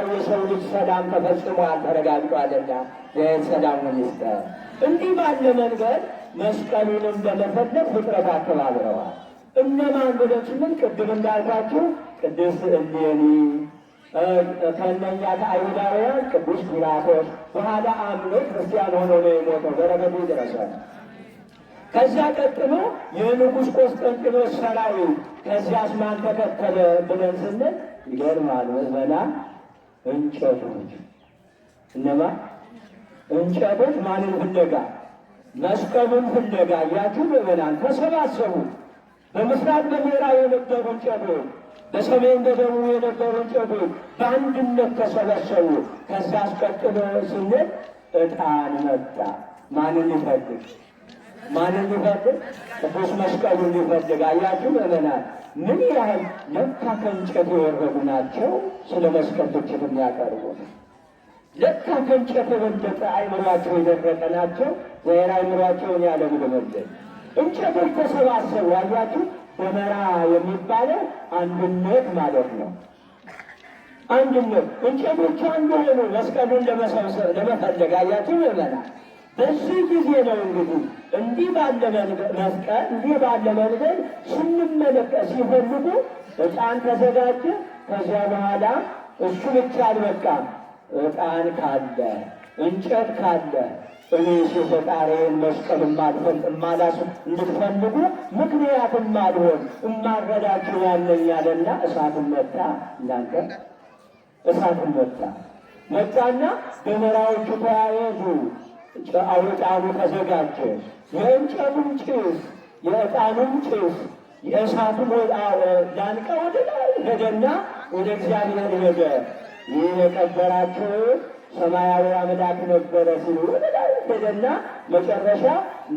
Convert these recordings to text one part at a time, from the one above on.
ፍቅር የሰው ልጅ ሰላም ተፈጽሟል ተረጋግጧልና ይህን ሰላሙን ይስጠን። እንዲህ ባለ መንገድ መስቀሉንም በመፈለግ ፍጥረት አከባብረዋል። እነማን ብለን ስምን ቅድም እንዳልኳችሁ ቅዱስ እሌኒ ከእነኛ ከአይሁዳውያን ቅዱስ ጲላጦስ በኋላ አምኖ ክርስቲያን ሆኖ ነው የሞተው። በረከቱ ይድረሳል። ከዚያ ቀጥሎ የንጉሥ ቆስጠንጢኖስ ሰራዊ ከዚያስ ማን ተከተለ ብለን ስንል ይገርማል መዘና እንጨቶች እነማ እንጨቶች ማንን ፍለጋ መስቀሉን ፍለጋ እያችሁ ምዕመናን ተሰባሰቡ። በምስራቅ በምዕራብ የነበሩ እንጨቶች፣ በሰሜን በደቡብ የነበሩ እንጨቶች በአንድነት ተሰበሰቡ። ከዛ አስቀጥሎ ስንል እጣን መጣ። ማንን ሊፈልግ ማንን ሊፈልግ? ቅዱስ መስቀሉን ሊፈልግ። አያችሁ ምዕመናን ምን ያህል ለካ ከእንጨት የወረዱ ናቸው ስለ መስቀል ትችት የሚያቀርቡት። ለካ ከእንጨት የበለጠ አይምሯቸው የደረቀ ናቸው። ወይራ አይምሯቸውን ያለምልመለን እንጨቶች ተሰባሰቡ። አያችሁ በመራ የሚባለው አንድነት ማለት ነው። አንድነት እንጨቶቹ አንዱ ሆኑ መስቀሉን ለመፈለግ አያችሁ ይመናል በዚህ ጊዜ ነው እንግዲህ እንዲህ ባለ መስቀል እንዲህ ባለ መንገድ ስንመለከት ሲፈልጉ እጣን ተዘጋጀ። ከዚያ በኋላ እሱ ብቻ አልበቃም። እጣን ካለ እንጨት ካለ እኔ የፈጣሪን መስቀል እማላሱ እንድትፈልጉ ምክንያት ማልሆን እማረዳችሁ ያለኝ ያለና እሳትን መታ። እናንተ እሳትን መታ መጣና ደመራዎቹ ተያየዙ። በአውጣኑ ተዘጋጀ። የእንጨቱም ጭስ የዕጣኑም ጭስ የእሳቱም ዳንቀ ወደ ላይ ሄደና ወደ እግዚአብሔር ሄደ። ይህ የቀበራቸው ሰማያዊ አምላክ ነበረ ሲሉ ወደ ላይ ሄደና መጨረሻ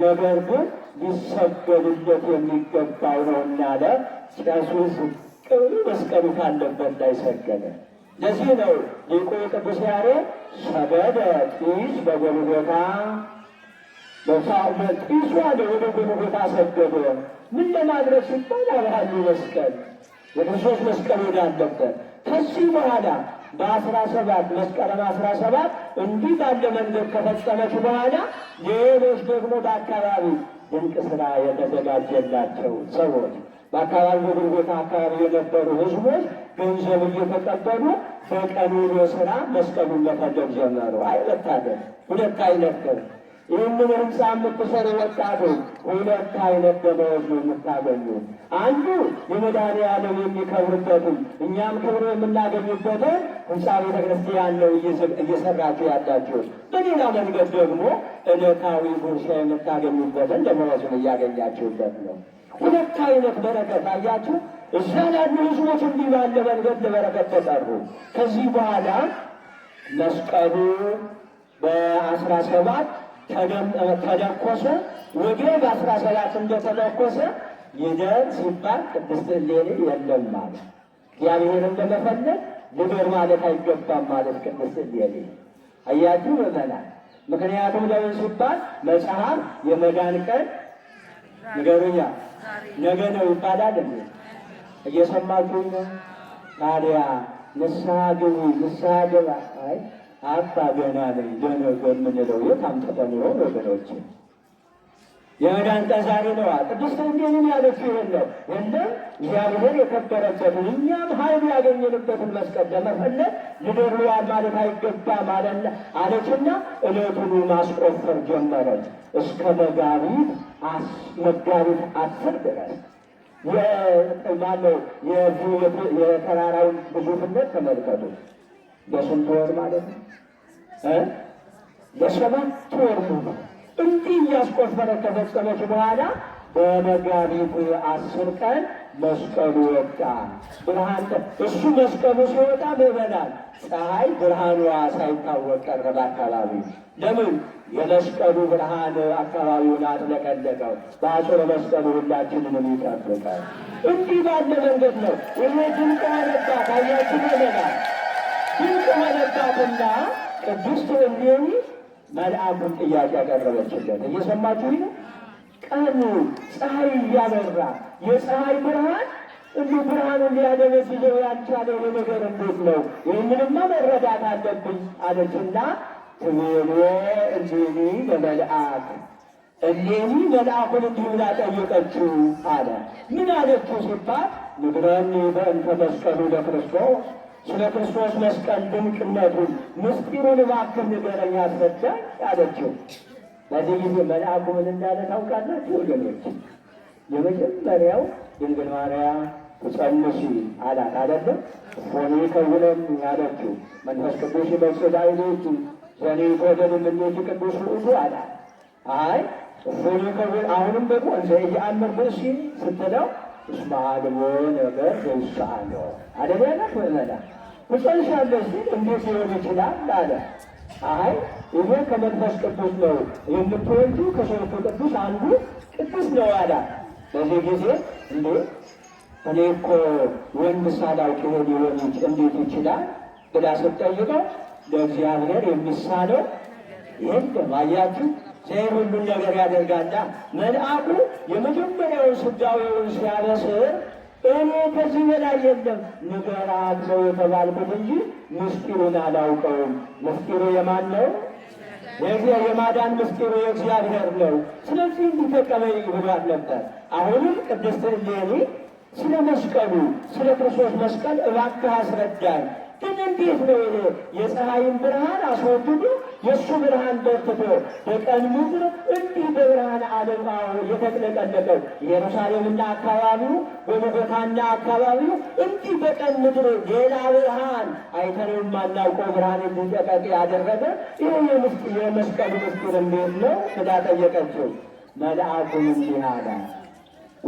ነገር ግን ሊሰገድለት የሚገባው ነው እናለ። ጭሱ ዝቅ መስቀሉ ካለበት ላይ ሰገደ። ለዚህ ነው ሊቁ ቅዱስ ያሬ ሰደደ ጢስ በጎልጎታ ጢስ ዋለ ወደ ጎልጎታ ሰገደ። ምን ለማድረግ ሲባል አብርሃሉ መስቀል የክርስቶስ መስቀል ወደ አለበት ከዚህ በኋላ በአስራ ሰባት መስቀረም አስራ ሰባት እንዲህ ባለ መንገድ ከፈጸመች በኋላ ሌሎች ደግሞ በአካባቢ ድንቅ ስራ የተዘጋጀላቸው ሰዎች በአካባቢ በጎልጎታ አካባቢ የነበሩ ህዝቦች ገንዘብ እየተቀበሉ በቀኑን ስራ መስቀሉን መቀደም ጀመሩ። አይለታደር ሁለት አይነት ነው። ይህንን ህንፃ የምትሰሩ ወጣቶች ሁለት አይነት ደመወዝ ነው የምታገኙ። አንዱ የመድኃኔዓለም የሚከብርበትም እኛም ክብር የምናገኙበት ህንፃ ቤተ ክርስቲያን ነው እየሰራችሁ ያላችሁ። በሌላ መንገድ ደግሞ ዕለታዊ ጉርሻ የምታገኙበትን ደመወዝን እያገኛችሁበት ነው። ሁለት አይነት በረከት አያችሁ። እዛ ላሉ ህዝቦች እንዲህ ባለ መንገድ ለበረከት ተጠሩ። ከዚህ በኋላ መስቀሉ በአስራ ሰባት ተደኮሰ። ወዲያው በአስራ ሰባት እንደተለኮሰ ይደር ሲባል ቅድስት እሌኒ የለም ማለት እግዚአብሔር እንደመፈለግ ልደር ማለት አይገባም ማለት ቅድስት እሌኒ አያችሁ በመላል ምክንያቱም ለምን ሲባል መጽሐፍ የመዳን ቀን ንገሩኛ ነገ ነው ይባላል። እየሰማችሁኝ ነው? ታዲያ ንስሐ ግቡ፣ ንስሐ ግባ። አይ አባ ገና የምንለው የታም ተጠምሮ ወገኖች፣ የመዳን ነዋ። ቅድስት ያለችው ይህን ነው። እግዚአብሔር የከበረበትን እኛም ኃይሉ ያገኘንበትን መስቀል ለመፈለግ ልደርዋል ማለት አለችና ማስቆፈር ጀመረች እስከ መጋቢት መጋቢት አስር ድረስ ማነው የተራራውን ግዙፍነት ተመልከቱ። በስንት ወር ማለት ነው? በሰባት ወር ሙሉ እንዲህ እያስቆፈረ ከፈጸመች በኋላ በመጋቢት አስር ቀን መስቀሉ ወጣ። ብርሃን እሱ መስቀሉ ሲወጣ ይበላል። ፀሐይ ብርሃኗ ሳይታወቅ ቀረ በአካባቢ ለምን የመስቀሉ ብርሃን አካባቢውን አጥለቀለቀው። በአጽረ መስቀሉ ሁላችንንም ይጠብቃል። እንዲህ ባለ መንገድ ነው ይሄ ድንቅ መነባት አያችን ሆነና ድንቅ መነባትና ቅድስት እሌኒ መልአኩን ጥያቄ ያቀረበችለት እየሰማችሁ ነው። ቀኑ ፀሐይ እያበራ የፀሐይ ብርሃን እንዲሁ ብርሃኑን ይዘው ያልቻለው ነገር እንዴት ነው? ይህንንማ መረዳት አለብኝ አለችና ትቤሎ እንዲኒ ለመልአክ እሌኒ መልአኩን አለ። ምን አለችው ሲባል ንግረኒ በእንተ መስቀሉ ለክርስቶስ ስለ ክርስቶስ መስቀል ድንቅነቱን ምስጢሩን እባክህ ንገረኝ አለችው። በዚህ ጊዜ መልአኩ ምን እንዳለ ታውቃላችሁ ወገኖች? የመጀመሪያው ድንግል ማርያም ትጸንሺ አላት አይደለም? ሆኔ ከውለም አለችው መንፈስ ቅዱስ ይመጽእ ላዕሌኪ ለኔ ይጎደል እንዴት ቅዱስ ውእቱ አለ። አይ እፎይ ከብል አሁንም ደግሞ እንዘ ደስ ይል ስትለው እስመ አልቦ ነገር ይሳለው አደለ ያለሽ ወለላ ምጸንሽ ያለ ሲል እንዴት ሊሆን ይችላል አለ። አይ ይሄ ከመንፈስ ቅዱስ ነው የምትወልጁ ከሶስቱ ቅዱስ አንዱ ቅዱስ ነው አለ። በዚህ ጊዜ እንዴ እኔ እኮ ወንድ ሳላውቅ ይሆን ይሆን እንዴት ይችላል ብላ ስትጠይቀው ለእግዚአብሔር የሚሳለው ይህን አያችሁ፣ ዘይ ሁሉን ነገር ያደርጋልና። መልአኩ የመጀመሪያውን ስጋዌውን ሲያበስር እኔ ከዚህ በላይ የለም ንገራት ነው የተባልኩት እንጂ ምስጢሩን አላውቀውም። ምስጢሩ የማን ነው? የማዳን ምስጢሩ የእግዚአብሔር ነው። ስለዚህ እንዲጠቀመኝ ብሏል ነበር። አሁንም ቅድስት እሌኒ ስለ መስቀሉ ስለ ክርስቶስ መስቀል እባክህ አስረዳኝ ግን እንዴት ነው ይሄ? የፀሐይን ብርሃን አስወግዶ የእሱ ብርሃን በርትቶ በቀን ምድር እንዲህ በብርሃን ዓለም የተጥለቀለቀው ኢየሩሳሌምና አካባቢው በቦጎታና አካባቢው እንዲህ በቀን ምድር ሌላ ብርሃን አይተነው ማናውቀው ብርሃን እንዲጠቀቅ ያደረገ ይህ የመስቀሉ ምስጢር እንዴት ነው ስላ ጠየቀችው። መልአኩም እንዲህ አላ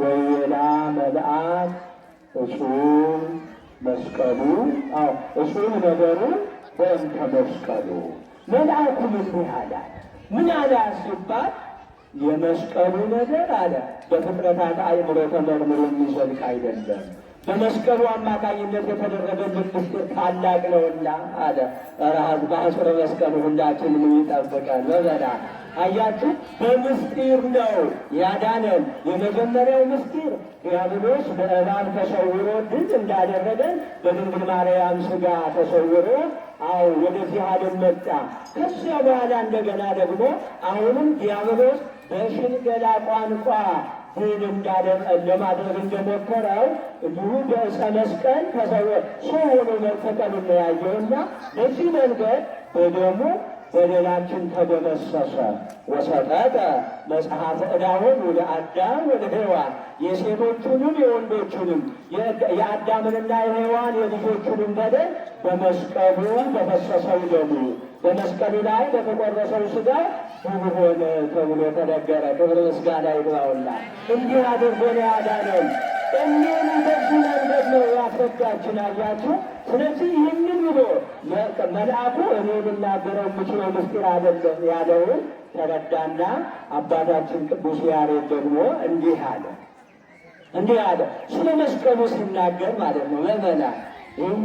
ወይላ መልአክ እጹም መስቀሉ እጹብ ነገሩ በእንተ መስቀሉ መልአኩ እንዲህ አላት። ምን አለ ሲባል የመስቀሉ ነገር አለ በፍጥረታት አእምሮ ተመርምሮ የሚዘልቅ አይደለም። በመስቀሉ አማካኝነት የተደረገልን ምስጢር ታላቅ ነውና አለ። ረሃዝ በአስረ መስቀሉ ሁላችንም ይጠብቀን። በበላ አያችሁ፣ በምስጢር ነው ያዳነን። የመጀመሪያው ምስጢር ዲያብሎስ በእባብ ተሰውሮ ድል እንዳደረገን በድንግል ማርያም ስጋ ተሰውሮ አዎ ወደዚህ ዓለም መጣ። ከዚያ በኋላ እንደገና ደግሞ አሁንም ዲያብሎስ በሽንገላ ቋንቋ ይህን ለማድረግ እንደሞከረው እንዲሁ በእሰ መስቀል ተሰወ ሲሆኑ መንፈቀን እናያየውና በዚህ መንገድ በደሙ በደላችን ተደመሰሰ። ወሰጠጠ መጽሐፍ ዕዳውን ወደ አዳም ወደ ሔዋን የሴቶቹንም የወንዶቹንም የአዳምንና የሔዋን የልጆቹንም በደል በመስቀሉ በፈሰሰው ደሙ በመስቀሉ ላይ በተቆረሰው ስጋ ውብ ሆነ ተብሎ ተነገረ። ክብር ምስጋና ይግባውና እንዲህ አድርጎ ነው ያዳነን። እኔን በዚህ መንገድ ነው ያስረዳችን አያችሁ። ስለዚህ ይህንን ብሎ መልአኩ እኔ ልናገረው የምችለው ምስጢር አይደለም ያለውን ተረዳና አባታችን ቅዱስ ያሬድ ደግሞ እንዲህ አለ እንዲህ አለ ስለ መስቀሉ ሲናገር ማለት ነው መመና ይህ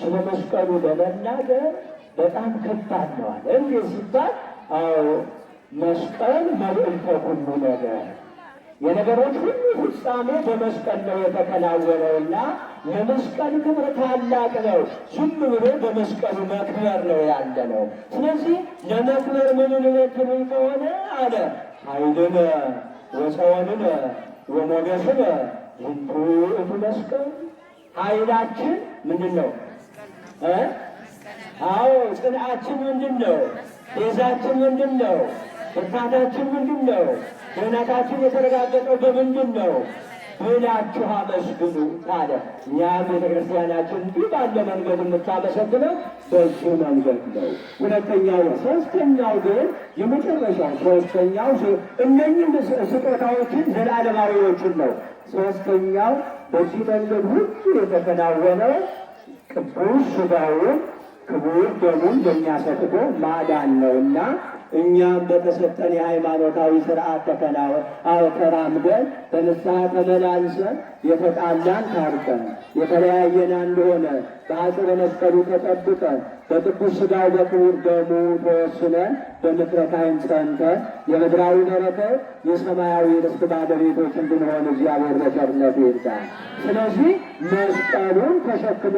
ስለ መስቀሉ ለመናገር በጣም ከባድ ነዋል እንዲህ ሲባል አዎ መስቀል መልዕልተ ሁሉ ነገር የነገሮች ሁሉ ፍጻሜ በመስቀል ነው የተከናወነውና የመስቀል ክብር ታላቅ ነው። ዝም ብሎ በመስቀሉ መክበር ነው ያለ ነው። ስለዚህ ለመክበር ምንነትም ከሆነ አለ ኃይልነ ወፀወንነ ወሞገስነ ዝንቱ እቱ መስቀል ኃይላችን ምንድን ነው? አዎ ጽንዓችን ምንድን ነው? ቤዛችን ምንድን ነው? ብርታታችን ምንድን ነው? ድህነታችን የተረጋገጠው በምንድን ነው ብላችሁ አመስግኑ አለ። እኛም ቤተክርስቲያናችን እንዲህ ባለ መንገድ የምታመሰግነው በዚህ መንገድ ነው። ሁለተኛው ሶስተኛው ግን የመጨረሻው ሶስተኛው እነኝም ስጦታዎችን ዘላለማዊዎችን ነው። ሶስተኛው በዚህ መንገድ ሁሉ የተከናወነው ቅዱስ ሥጋውን ክቡር ደሙን የሚያሰጥቶ ማዳን ነው እና እኛም በተሰጠን የሃይማኖታዊ ስርዓት ተከናወ አው በንስሐ ተመላልሰን የተጣላን ታርቀን የተለያየን አንድ ሆነን መስቀሉ ተጠብቀን በቅዱስ ሥጋው በክቡር ደሙ ተወስነን በምድረ ካህን ጸንተን የምድራዊ በረከት የሰማያዊ ርስት ባለቤቶች እንድንሆን እግዚአብሔር በቸርነቱ ይርዳል። ስለዚህ መስቀሉን ተሸክሞ